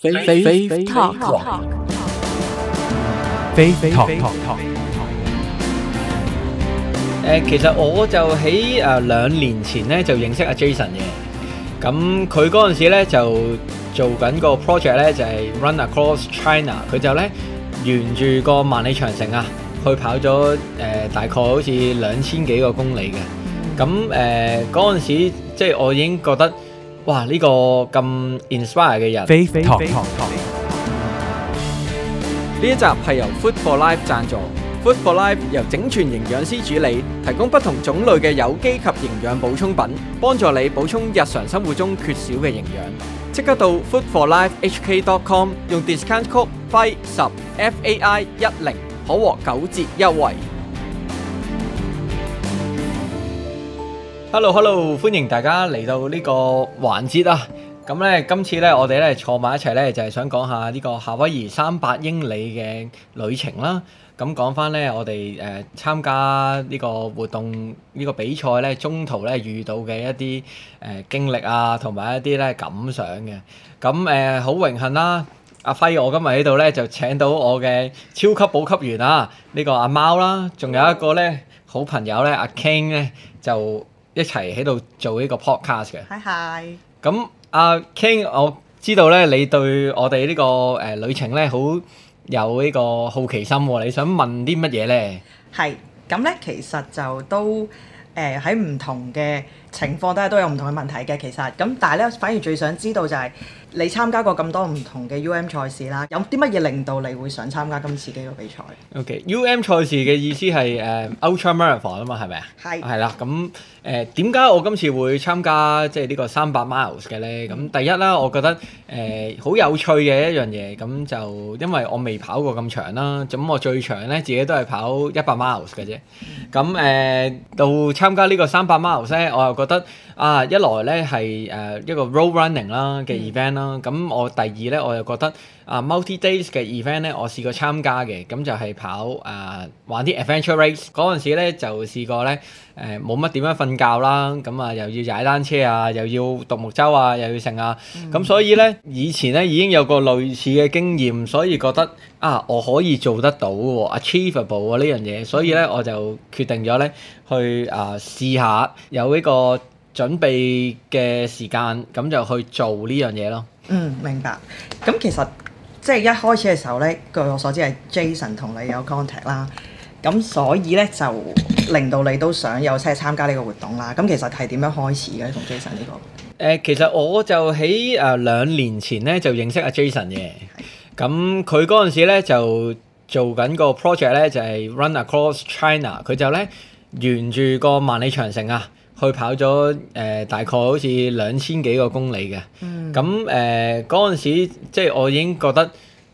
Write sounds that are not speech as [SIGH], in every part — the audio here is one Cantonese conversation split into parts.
飛飛 Faith talk，飛飛 talk 誒，其實我就喺誒兩年前咧就認識阿 Jason 嘅，咁佢嗰陣時咧就做緊個 project 咧就係 run across China，佢就咧沿住個萬里長城啊去跑咗誒大概好似兩千幾個公里嘅，咁誒嗰陣時即係我已經覺得。哇！呢個咁 inspire 嘅人，飛飛。呢一集係由 Food for Life 贊助，Food for Life 由整全營養師主理，提供不同種類嘅有機及營養補充品，幫助你補充日常生活中缺少嘅營養。即刻到 Food for Life H K. dot com 用 discount code 輝十 F A I 一零，可獲九折優惠。Hello，Hello，hello，歡迎大家嚟到呢個環節啊！咁咧，今次咧，我哋咧坐埋一齊咧，就係、是、想講下呢個夏威夷三百英里嘅旅程啦、啊。咁講翻咧，我哋誒、呃、參加呢個活動呢、這個比賽咧，中途咧遇到嘅一啲誒、呃、經歷啊，同埋一啲咧感想嘅。咁誒，好、呃、榮幸啦、啊，阿輝，我今日喺度咧就請到我嘅超級補給員啊，呢、這個阿貓啦，仲有一個咧好朋友咧阿、啊、King 咧就。一齊喺度做呢個 podcast 嘅。嗨嗨 Hi hi.、嗯。咁阿 King，我知道咧，你對我哋呢個誒旅程咧，好有呢個好奇心喎。你想問啲乜嘢咧？係。咁咧，其實就都誒喺唔同嘅情況底下都有唔同嘅問題嘅。其實咁，但係咧，反而最想知道就係、是。你參加過咁多唔同嘅 UM 賽事啦，有啲乜嘢令到你會想參加今次呢個比賽？OK，UM、okay，賽事嘅意思係誒、呃、Ultra Marathon 啊嘛，係咪啊？係。係啦，咁誒點解我今次會參加即係呢個三百 miles 嘅咧？咁第一啦，我覺得誒好、呃、有趣嘅一樣嘢，咁就因為我未跑過咁長啦，咁我最長咧自己都係跑一百 miles 嘅啫。咁誒、呃、到參加個呢個三百 miles 咧，我又覺得。啊，一來咧係誒一個 road running 啦嘅 event 啦，咁我第二咧我又覺得啊 multi days 嘅 event 咧，我試過參加嘅，咁就係跑啊玩啲 adventure race 嗰陣時咧就試過咧誒冇乜點樣瞓覺啦，咁啊又要踩單車啊，又要獨木舟啊，又要成啊，咁所以咧以前咧已經有個類似嘅經驗，所以覺得啊我可以做得到喎，achievable 喎呢樣嘢，所以咧我就決定咗咧去啊試下有呢個。準備嘅時間，咁就去做呢樣嘢咯。嗯，明白。咁其實即係一開始嘅時候咧，據我所知係 Jason 同你有 contact 啦。咁所以咧就令到你都想有車參加呢個活動啦。咁其實係點樣開始嘅同 Jason 呢個？誒、呃，其實我就喺誒、呃、兩年前咧就認識阿 Jason 嘅。咁佢嗰陣時咧就做緊個 project 咧，就係 Run Across China。佢就咧沿住個萬里長城啊！去跑咗誒、呃、大概好似兩千幾個公里嘅，咁誒嗰陣時即係我已經覺得，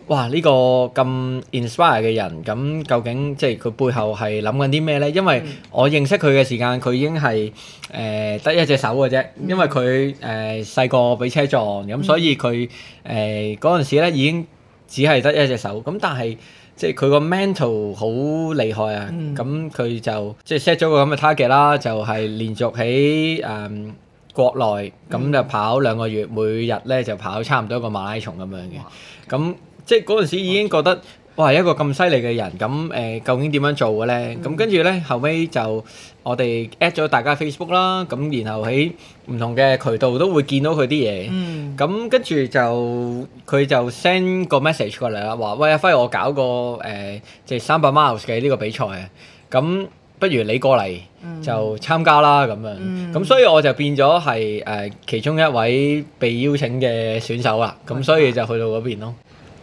哇呢個咁 inspire 嘅人，咁究竟即係佢背後係諗緊啲咩咧？因為我認識佢嘅時間，佢已經係誒得一隻手嘅啫，嗯、因為佢誒細個俾車撞，咁、嗯、所以佢誒嗰陣時咧已經只係得一隻手，咁但係。即係佢個 mental 好厲害啊！咁佢、嗯、就即係 set 咗個咁嘅 target 啦，就係連續喺誒、嗯、國內咁、嗯、就跑兩個月，每日咧就跑差唔多一個馬拉松咁樣嘅。咁哇即係嗰陣時已經覺得。哇！一個咁犀利嘅人，咁誒究竟點樣做嘅咧？咁跟住咧，後尾就我哋 at 咗大家 Facebook 啦，咁然後喺唔同嘅渠道都會見到佢啲嘢。咁跟住就佢就 send 個 message 過嚟啦，話：喂阿輝，我搞個誒即係三百 miles 嘅呢個比賽啊！咁不如你過嚟就參加啦咁樣。咁所以我就變咗係誒其中一位被邀請嘅選手啦。咁所以就去到嗰邊咯。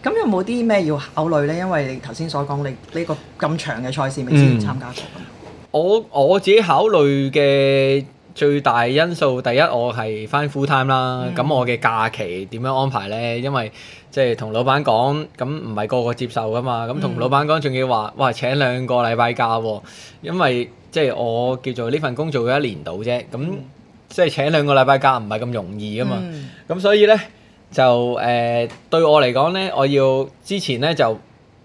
咁有冇啲咩要考慮咧？因為你頭先所講，你呢個咁長嘅賽事，未先參加過、嗯。我我自己考慮嘅最大因素，第一我係返 full time 啦、嗯。咁我嘅假期點樣安排咧？因為即係同老闆講，咁唔係個個接受噶嘛。咁同老闆講仲要話，哇請兩個禮拜假、喎，因為即係、就是、我叫做呢份工做咗一年度啫。咁即係請兩個禮拜假唔係咁容易噶嘛。咁、嗯、所以咧。就誒對我嚟講咧，我要之前咧就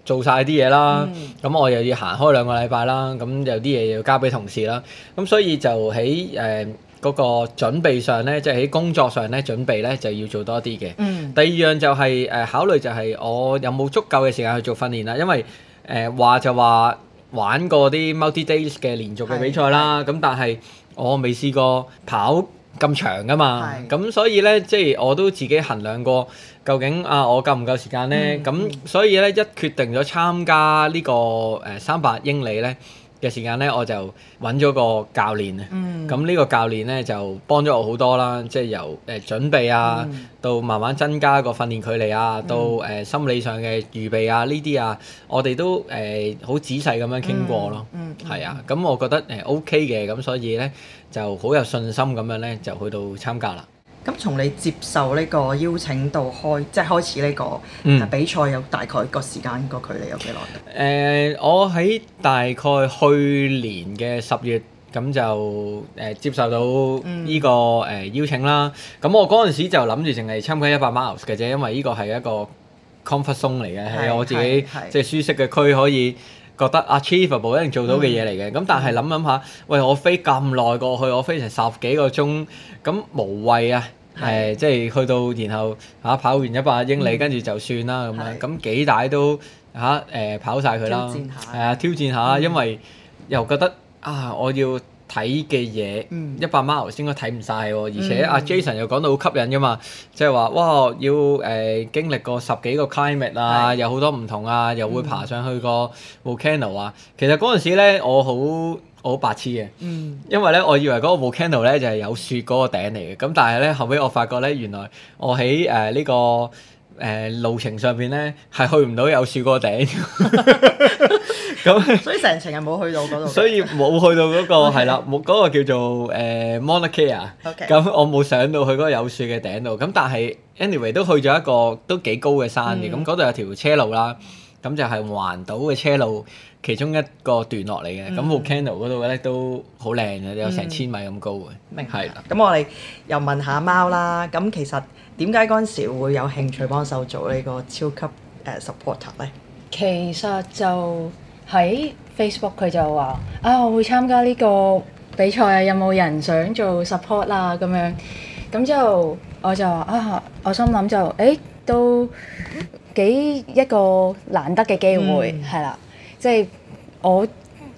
做晒啲嘢啦，咁我又要行開兩個禮拜啦，咁有啲嘢要交俾同事啦，咁所以就喺誒嗰個準備上咧，即係喺工作上咧準備咧就要做多啲嘅。第二樣就係誒考慮就係我有冇足夠嘅時間去做訓練啦，因為誒話就話玩過啲 multi days 嘅連續嘅比賽啦，咁但係我未試過跑咁長㗎嘛，咁是所以咧，即係我都自己衡量過，究竟啊我夠唔夠時間咧？咁、嗯嗯、所以咧，一決定咗參加呢、呢個誒三百英里咧，嘅時間咧，我就揾咗個教練啊，咁呢個教練咧就幫咗我好多啦，即係由誒、呃、準備啊，到慢慢增加個訓練距離啊，到誒、呃、心理上嘅預備啊，呢啲啊，我哋都誒好、呃、仔細咁樣傾過咯，係、嗯嗯嗯、啊，咁、嗯、我覺得誒、呃、OK 嘅，咁所以咧就好有信心咁樣咧就去到參加啦。咁從你接受呢個邀請到開，即係開始呢、這個、嗯、比賽，有大概個時間個距離有幾耐？誒、呃，我喺大概去年嘅十月，咁就誒、呃、接受到呢、這個誒、呃嗯呃、邀請啦。咁我嗰陣時就諗住淨係參加一百 miles 嘅啫，因為呢個係一個 comfort zone 嚟嘅，係是我自己即係是舒適嘅區可以。覺得 achievable 一定做到嘅嘢嚟嘅，咁、嗯、但係諗諗下，喂我飛咁耐過去，我飛成十幾個鐘，咁無謂啊，係、嗯呃、即係去到然後下、啊、跑完一百英里，跟住就算啦咁、嗯、樣，咁幾大都下誒、啊呃、跑晒佢啦，係啊挑戰下，因為又覺得啊我要。睇嘅嘢一百 mile 頭先應該睇唔晒喎，而且阿 Jason 又講到好吸引㗎嘛，即係話哇要誒、呃、經歷過十幾個 climate 啊，嗯、有好多唔同啊，又會爬上去個 volcano 啊，其實嗰陣時咧我好我好白痴嘅，嗯、因為咧我以為嗰個 volcano 咧就係、是、有雪嗰個頂嚟嘅，咁但係咧後尾我發覺咧原來我喺誒呢個。誒、呃、路程上邊咧，係去唔到有樹個頂嘅，咁、 [LAUGHS] 嗯、 [LAUGHS] 所以成程係冇去到嗰度，所以冇去到嗰、嗰個係啦，冇嗰、 [LAUGHS] 嗰個叫做誒 Monarch 咁我冇上到去嗰個有樹嘅頂度，咁但係 anyway 都去咗一個都幾高嘅山嘅，咁嗰度有條車路啦，咁就係環島嘅車路其中一個段落嚟嘅，咁 Mount Candle 嗰度咧都好靚嘅，有成千米咁高嘅，明係啦、嗯，咁的我哋又問下貓啦，咁其實。點解嗰陣時會有興趣幫手做呢個超級誒 supporter 咧？其實就喺 Facebook，佢就話啊，我會參加呢個比賽，有冇人想做 support 啦、啊？」咁樣咁之後我就話啊，我心諗就誒都幾一個難得嘅機會，係啦、嗯，即係我。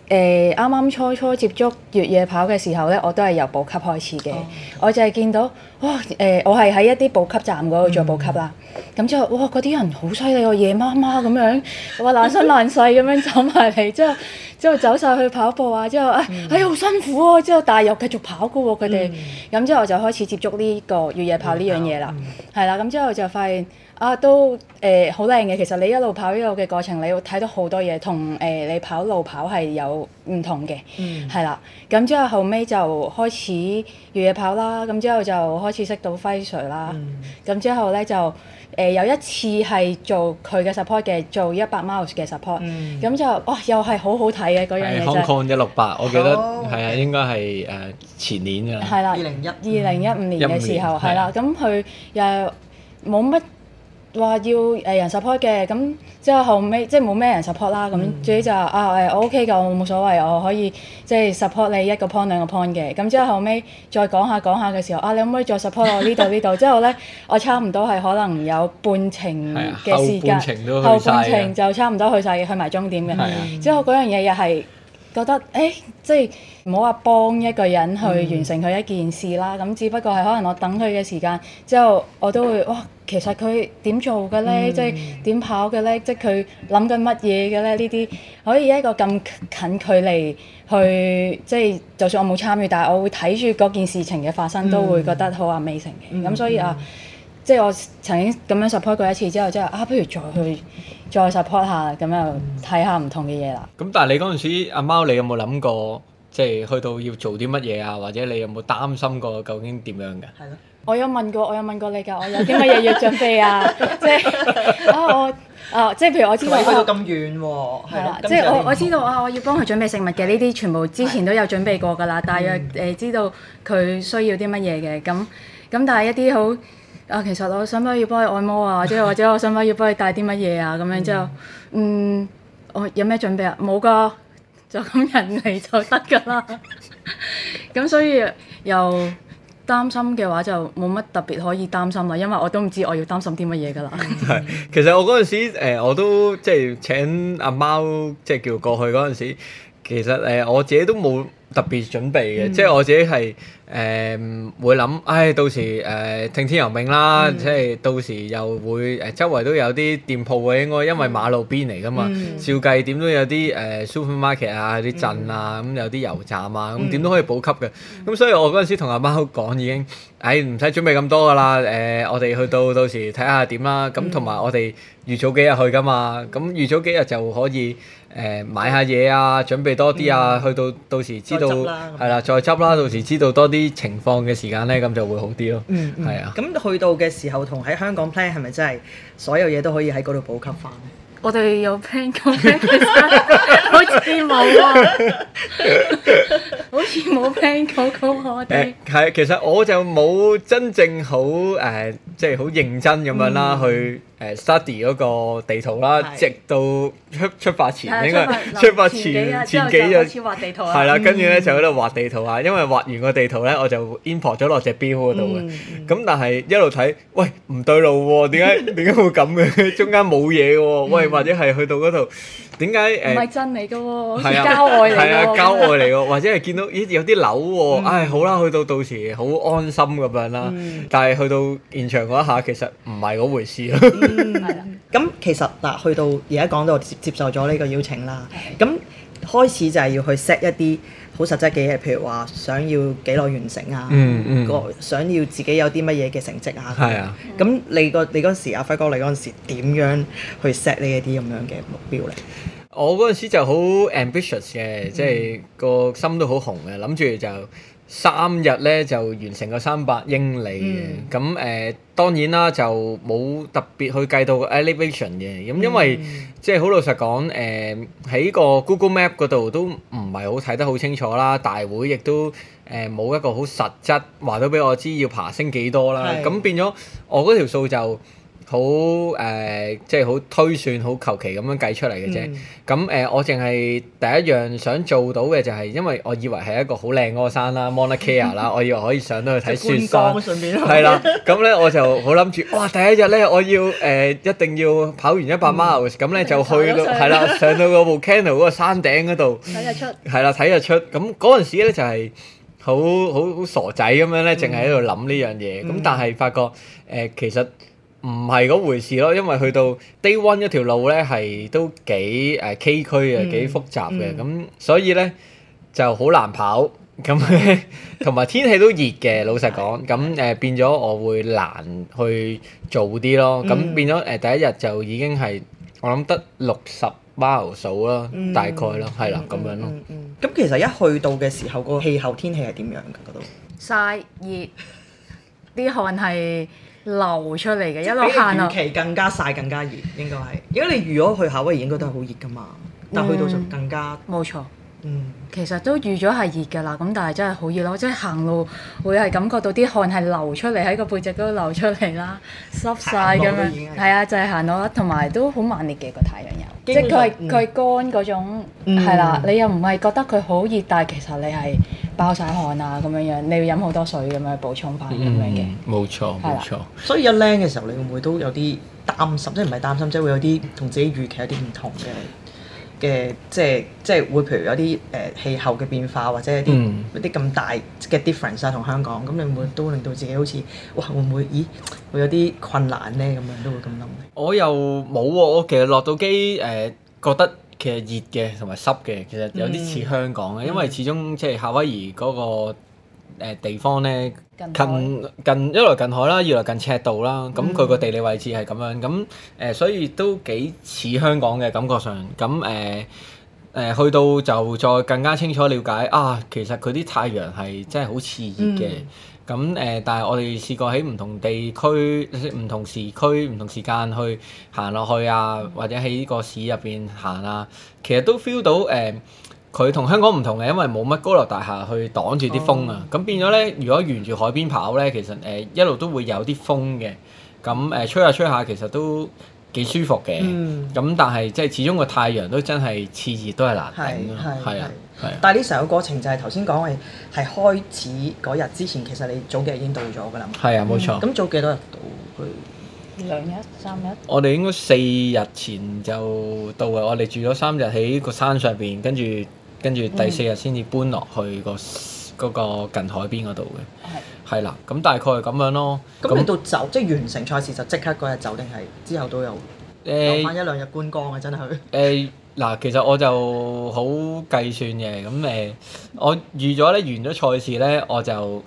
誒啱啱初初接觸越野跑嘅時候咧，我都係由補給開始嘅、oh, okay. 呃。我就係見到哇誒，我係喺一啲補給站嗰度做補給啦。咁、mm hmm. 之後哇，嗰啲人好犀利喎，夜媽媽咁樣，哇爛身爛世咁樣走埋嚟。之後之後走晒去跑步啊。之後啊、mm hmm. 哎，哎好辛苦啊。之後大又繼續跑㗎喎、啊，佢哋。咁、mm hmm. 之後我就開始接觸呢個越野跑呢樣嘢啦。係、嗯、啦，咁之後就發現。啊，都誒好靚嘅。其實你一路跑一路嘅過程，你會睇到好多嘢，同誒你跑路跑係有唔同嘅，係啦。咁之後後尾就開始越野跑啦。咁之後就開始識到輝 Sir 啦。咁之後咧就誒有一次係做佢嘅 support 嘅，做一百 mile 嘅 support。咁就哇，又係好好睇嘅嗰樣嘢就 Hong Kong 一六八，我記得係啊，應該係誒前年㗎啦，二零一二零一五年嘅時候係啦。咁佢又冇乜。話要誒人 support 嘅，咁之後後尾即係冇咩人 support 啦，咁最尾就啊誒我、欸、OK 嘅，我冇所謂，我可以即係 support 你一個 point 兩個 point 嘅，咁之後後尾再講下講下嘅時候啊，你可唔可以再 support 我呢度呢度？之後呢，我差唔多係可能有半程嘅時間，後半，後半程就差唔多去晒去埋終點嘅，嗯啊、之後嗰樣嘢又係。覺得誒、欸，即係唔好話幫一個人去完成佢一件事啦。咁、嗯、只不過係可能我等佢嘅時間之後，我都會哇，其實佢點做嘅咧、嗯？即係點跑嘅咧？即係佢諗緊乜嘢嘅咧？呢啲可以一個咁近距離去即係，就算我冇參與，但係我會睇住嗰件事情嘅發生，嗯、都會覺得好 a 美成嘅。咁、嗯、所以啊，嗯嗯、即係我曾經咁樣 support 佢一次之後、就是，即係啊，不、啊、如再去。再 support 下，咁又睇下唔同嘅嘢啦。咁、嗯、但係你嗰陣時，阿貓你有冇諗過，即係去到要做啲乜嘢啊？或者你有冇擔心過究竟點樣㗎？係咯，我有問過，我有問過你㗎。我有啲乜嘢要準備 [LAUGHS] 啊，啊？即係啊，我啊，即係譬如我知道。去到咁遠喎，係啦。即係我我知道 [LAUGHS] 啊，我要幫佢準備食物嘅呢啲，對全部之前都有準備過㗎啦。對對大約誒、呃、知道佢需要啲乜嘢嘅，咁咁但係一啲好。啊，其實我想唔可以幫你按摩啊，即係或者我想唔可以幫你帶啲乜嘢啊，咁樣之後，嗯，我有咩準備啊？冇噶，就咁入嚟就得噶啦。咁 [LAUGHS] 所以又擔心嘅話，就冇乜特別可以擔心啦，因為我都唔知我要擔心啲乜嘢噶啦。係，其實我嗰陣時、呃、我都即係請阿貓即係叫過去嗰陣時，其實誒、呃、我自己都冇特別準備嘅，嗯、即係我自己係誒、呃、會諗，唉到時誒、呃、聽天由命啦，嗯、即係到時又會誒、呃、周圍都有啲店鋪會，應該因為馬路邊嚟噶嘛，照、嗯、計點都有啲誒、呃、supermarket 啊、有啲鎮啊，咁、嗯、有啲油站啊，咁點、嗯、都可以補給嘅。咁、嗯、所以我嗰陣時同阿媽講已經，唉唔使準備咁多噶啦，誒、呃、我哋去到到時睇下點啦。咁同埋我哋預早幾日去噶嘛，咁預早幾日就可以誒、呃、買下嘢啊，準備多啲啊，去到到到時知。到係啦，再執啦。到時知道多啲情況嘅時間咧，咁、嗯、就會好啲咯。嗯，係啊。咁去到嘅時候，同喺香港 plan 係咪真係所有嘢都可以喺嗰度補給翻？我哋有 plan 講咩？ [LAUGHS] [LAUGHS] 好似冇啊， [LAUGHS] [LAUGHS] 好似冇 plan 講講我哋。誒，係，其實我就冇真正好誒、呃，即係好認真咁樣啦，去、嗯。 [LAUGHS] 誒、uh, study 嗰個地圖啦，是直到出出發前應該出發前前幾日先畫地圖，係啦，跟住咧就喺度畫地圖啊，因為畫完個地圖咧，我就 import 咗落隻表嗰度。咁但係一路睇，喂唔對路喎、啊，點解點解會咁嘅？中間冇嘢嘅喎，喂或者係去到嗰度。嗯。點解？唔係真嚟嘅喎，係、啊、郊外嚟嘅啊， [LAUGHS] 郊外嚟嘅，或者係見到咦有啲樓喎，唉、嗯哎、好啦，去到到時好安心咁樣啦。嗯、但係去到現場嗰一下，其實唔係嗰回事咯、嗯。咁、啊、 [LAUGHS] 其實嗱，去到而家講到接，接受咗呢個邀請啦，咁開始就係要去 set 一啲。好實質嘅嘢，譬如話想要幾耐完成啊，個、嗯嗯、想要自己有啲乜嘢嘅成績啊，咁、啊、你、個你嗰時阿輝哥你嗰時點樣去 set 你一啲咁樣嘅目標咧？我嗰陣時就好 ambitious 嘅，即係、嗯、個心都好紅嘅，諗住就，三日咧就完成個三百英里嘅，咁誒、嗯呃、當然啦，就冇特別去計到個 elevation 嘅，咁因為、嗯、即係好老實講，誒、呃、喺個 Google Map 嗰度都唔係好睇得好清楚啦。大會亦都誒冇、呃、一個好實質話到俾我知要爬升幾多啦，咁是變咗我嗰條數就。好誒、呃，即係好推算，好求其咁樣計出嚟嘅啫。咁誒、嗯呃，我淨係第一樣想做到嘅就係，因為我以為係一個好靚嗰個山啦 Monte Carlo 啦，我以為可以上到去睇雪山，山。係、嗯、啦，咁咧我就好諗住，哇！第一日咧我要誒、呃、一定要跑完一百 miles，咁咧就去到、那、係、個、啦，上到個 Mount Kenya 嗰個山頂嗰度。睇日、嗯、出。係、嗯、啦，睇日出。咁嗰陣時咧就係好好傻仔咁樣咧，淨係喺度諗呢樣嘢。咁、嗯、但係發覺誒、呃，其實。唔係嗰回事咯，因為去到 day one 一條路咧係都幾誒崎嶇嘅，幾複雜嘅，咁所以咧就好難跑。咁同埋天氣都熱嘅，老實講。咁誒變咗我會難去做啲咯。咁變咗誒第一日就已經係我諗得六十 mile 數啦，大概啦，係啦咁樣咯。咁其實一去到嘅時候，個氣候天氣係點樣嘅嗰度？晒熱，啲汗係。流出嚟嘅，一路行路，預期更加晒更加熱，應該係。如果你預咗去夏威夷應該都係好熱㗎嘛，但去到就更加冇、嗯、錯。嗯，其實都預咗係熱㗎啦，咁但係真係好熱咯，即係行路會係感覺到啲汗係流出嚟，喺個背脊都流出嚟啦，濕晒咁樣。係啊，就係、是、行路，同埋都好猛烈嘅個太陽又。即係佢係佢係乾嗰種係啦，嗯，你又唔係覺得佢好熱，但係其實你係爆晒汗啊咁樣樣，你要飲好多水咁樣補充翻咁，嗯、樣嘅。冇錯冇錯，的錯所以一冷嘅時候，你會唔會都有啲擔心？即係唔係擔心，即係會有啲同自己預期有啲唔同嘅。嘅即係即係會，譬如有啲誒、呃、氣候嘅變化，或者一啲、嗯、一啲咁大嘅 difference 啊同香港，咁你會唔會都會令到自己好似哇，會唔會咦，會有啲困難咧，咁樣都會咁諗？我又冇喎、啊，我其實落到機誒、呃、覺得其實熱嘅同埋濕嘅，其實有啲似香港嘅，嗯、因為始終即係夏威夷嗰個。誒地方咧，近海近一來近海啦，二來近赤道啦，咁佢個地理位置係咁樣，咁誒、嗯、所以都幾似香港嘅感覺上，咁誒誒去到就再更加清楚了解啊，其實佢啲太陽係真係好熾熱嘅，咁誒、嗯呃、但係我哋試過喺唔同地區、唔同時區、唔同時間去行落去啊，嗯、或者喺個市入邊行啊，其實都 feel 到誒。呃佢同香港唔同嘅，因為冇乜高樓大廈去擋住啲風啊，咁、哦、變咗咧，如果沿住海邊跑咧，其實誒、呃、一路都會有啲風嘅，咁誒吹下吹下，其實都幾舒服嘅。咁、嗯、但係即係始終個太陽都真係熾熱都係難頂咯，係啊，係，但係呢成個過程就係頭先講係係開始嗰日之前，其實你早幾日已經到咗㗎啦。係、嗯、啊，冇錯。咁早幾多日到去？兩日、三日。我哋應該四日前就到啊！我哋住咗三日喺個山上邊，跟住。跟住第四日先至搬落去、嗰個嗰、嗯、近海邊嗰度嘅，係啦，咁大概係咁樣咯。咁你到走咁即係完成賽事就即刻嗰日走定係之後都有留翻一、呃、兩日觀光嘅，真係。誒嗱、呃，其實我就好計算嘅，咁誒、呃、我預咗咧，完咗賽事咧我就，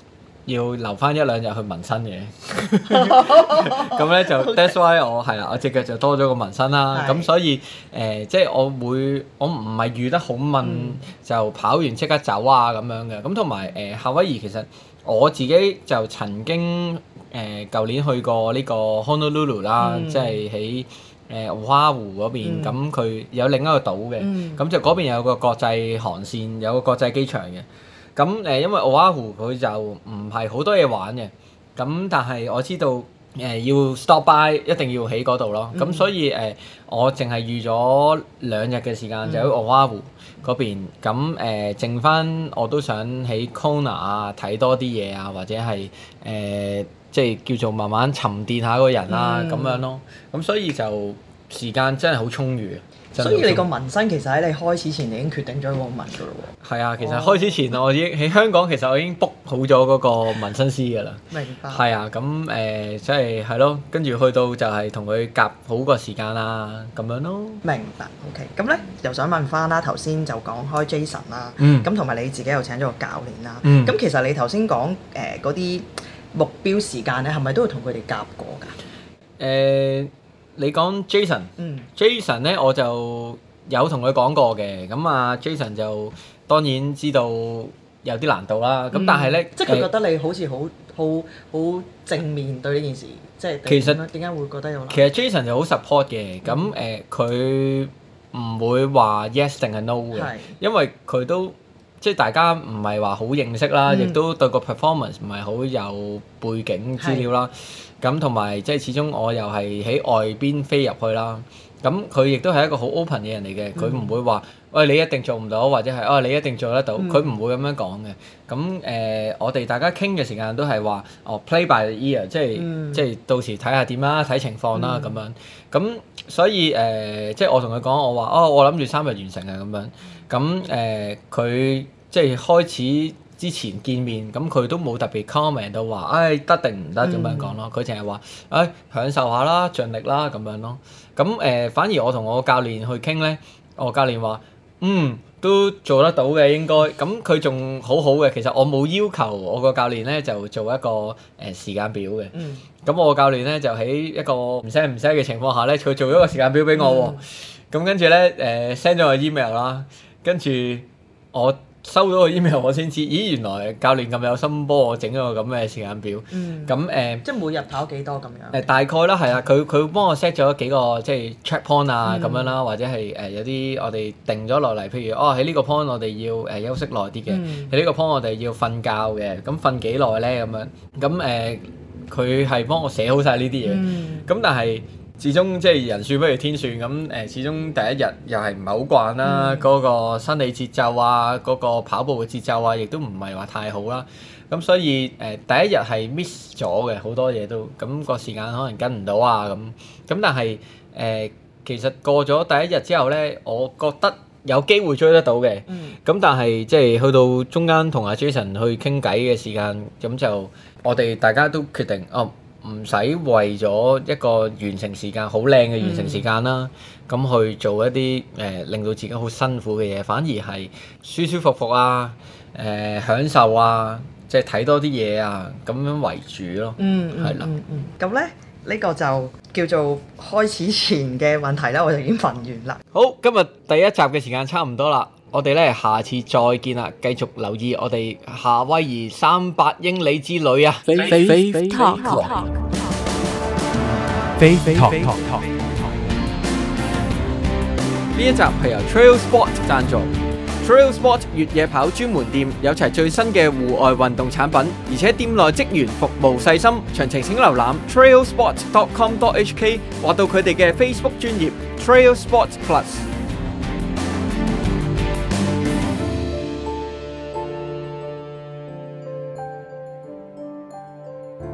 要留翻一兩日去紋身嘅 [LAUGHS] [LAUGHS] 就，咁咧就 that's why 我係啦，我隻腳就多咗個紋身啦。咁 [NOISE] 所以誒，uh, 即係我會，我唔係遇得好問、嗯、就跑完即刻走啊咁樣嘅。咁同埋誒夏威夷其實我自己就曾經誒舊、uh, 年去過呢個 Honolulu 啦、嗯，即係喺誒奧哈湖嗰邊。咁佢、嗯、有另一個島嘅，咁、嗯、就嗰邊有個國際航線，有個國際機場嘅。咁誒、呃，因為奧瓦湖佢就唔係好多嘢玩嘅，咁但係我知道誒、呃、要 stop by 一定要喺嗰度咯，咁、嗯、所以誒、呃、我淨係預咗兩日嘅時間就喺奧瓦湖嗰邊，咁誒、嗯呃、剩翻我都想喺 Kona 啊睇多啲嘢啊，或者係誒、呃、即係叫做慢慢沉澱下個人啊。咁、嗯、樣咯，咁所以就。時間真係好充裕，所以你個紋身其實喺你開始前已經決定咗個紋噶咯喎。係啊，其實開始前我已經喺香港，其實我已經 book 好咗嗰個紋身師噶啦。明白。係啊，咁誒即係係咯，跟住去到就係同佢夾好個時間啦，咁樣咯。明白。OK，咁咧又想問翻啦，頭先就講開 Jason 啦，咁同埋你自己又請咗個教練啦，咁其實你頭先講誒嗰啲目標時間咧，係咪都會同佢哋夾過㗎？誒。你講 Jason，Jason、嗯、咧我就有同佢講過嘅，咁啊 Jason 就當然知道有啲難度啦。咁、嗯、但係咧，即係佢覺得你好似好好好正面對呢件事，即係點解會覺得有？其實 Jason 就好 support 嘅，咁誒佢唔會話 yes 定係 no 嘅，是因為佢都。即係大家唔係話好認識啦，亦、嗯、都對個 performance 唔係好有背景資料啦。咁同埋即係始終我又係喺外邊飛入去啦。咁佢亦都係一個好 open 嘅人嚟嘅，佢唔、嗯、會話。喂，你一定做唔到，或者係哦、啊，你一定做得到。佢唔、嗯、會咁樣講嘅。咁誒、呃，我哋大家傾嘅時間都係話，哦，play by ear，即係、嗯、即係到時睇下點啦，睇情況啦咁樣。咁所以誒、呃，即係我同佢講，我話哦，我諗住三日完成啊咁樣。咁誒，佢、呃、即係開始之前見面，咁佢都冇特別 comment 到話，唉、哎、得定唔得咁樣講咯。佢淨係話，唉、哎，享受下啦，盡力啦咁樣咯。咁誒、呃，反而我同我教練去傾咧，我教練話。嗯，都做得到嘅應該，咁佢仲好好嘅。其實我冇要求我個教練咧，就做一個誒時間表嘅。咁、嗯、我個教練咧就喺一個唔聲唔聲嘅情況下咧，佢做咗個時間表俾我喎。咁跟住咧誒 send 咗個 email 啦，跟住我。收咗個 email 我先知，咦原來教練咁有心，幫我整咗個咁嘅時間表。咁誒，即係每日跑幾多咁樣？誒大概啦，係啊，佢佢幫我 set 咗幾個即係 check point 啊咁樣啦，嗯、或者係誒、呃、有啲我哋定咗落嚟，譬如哦喺呢個 point 我哋要誒、呃、休息耐啲嘅，喺呢、嗯、個 point 我哋要瞓覺嘅，咁瞓幾耐咧咁樣，咁誒佢係幫我寫好晒呢啲嘢，咁、嗯、但係。始終即係人算不如天算咁誒，始終第一日又係唔係好慣啦，嗰、嗯、個生理節奏啊，嗰、嗰個跑步嘅節奏啊，亦都唔係話太好啦。咁所以誒、呃、第一日係 miss 咗嘅好多嘢都，咁、嗰個時間可能跟唔到啊咁。咁但係誒、呃、其實過咗第一日之後咧，我覺得有機會追得到嘅。咁、嗯、但係即係去到中間同阿 Jason 去傾偈嘅時間，咁就我哋大家都決定哦。唔使為咗一個完成時間好靚嘅完成時間啦，咁、嗯、去做一啲誒、呃、令到自己好辛苦嘅嘢，反而係舒舒服服啊、誒、呃、享受啊、即係睇多啲嘢啊咁樣為主咯。嗯，係、嗯、啦。咁、嗯、咧、嗯嗯、呢、呢個就叫做開始前嘅問題啦，我就已經問完啦。好，今日第一集嘅時間差唔多啦。我哋咧，下次再見啦，繼續留意我哋夏威夷三百英里之旅啊！飛飛跑， [NOISE] [NOISE] 呢一集係由 Trail Sport 贊助，Trail Sport 越野跑專門店有齊最新嘅戶外運動產品，而且店內職員服務細心，詳情請瀏覽 trailsport.com.hk 或到佢哋嘅 Facebook 專頁 Trail Sport Plus。